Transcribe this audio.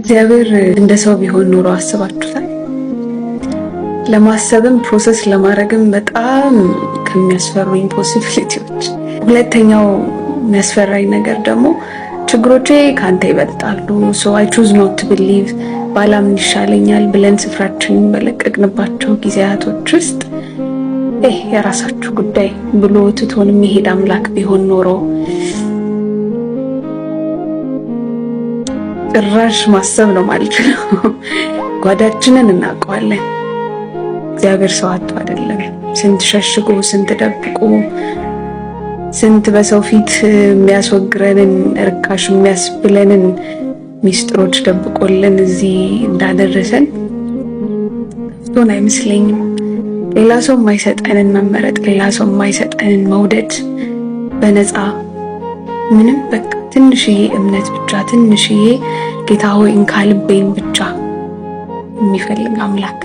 እግዚአብሔር እንደ ሰው ቢሆን ኖሮ አስባችሁታል? ለማሰብም ፕሮሰስ ለማድረግም በጣም ከሚያስፈሩኝ ፖሲቢሊቲዎች ሁለተኛው የሚያስፈራኝ ነገር ደግሞ ችግሮቼ ከአንተ ይበልጣሉ ሶ አይ ቹዝ ኖት ብሊቭ ባላምን ይሻለኛል ብለን ስፍራችን በለቀቅንባቸው ጊዜያቶች ውስጥ ይህ የራሳችሁ ጉዳይ ብሎ ትቶን የሚሄድ አምላክ ቢሆን ኖሮ ጭራሽ ማሰብ ነው ነው። ጓዳችንን እናውቀዋለን። እግዚአብሔር ሰው አጥቶ አይደለም። ስንት ሸሽጎ፣ ስንት ደብቆ፣ ስንት በሰው ፊት የሚያስወግረንን እርካሽ የሚያስብለንን ሚስጥሮች ደብቆልን እዚህ እንዳደረሰን ቶን አይመስለኝም። ሌላ ሰው የማይሰጠንን መመረጥ፣ ሌላ ሰው የማይሰጠንን መውደድ በነፃ ምንም በቃ ትንሽዬ እምነት ብቻ ትንሽዬ ጌታ ሆይ እንካ ብቻ የሚፈልግ አምላክ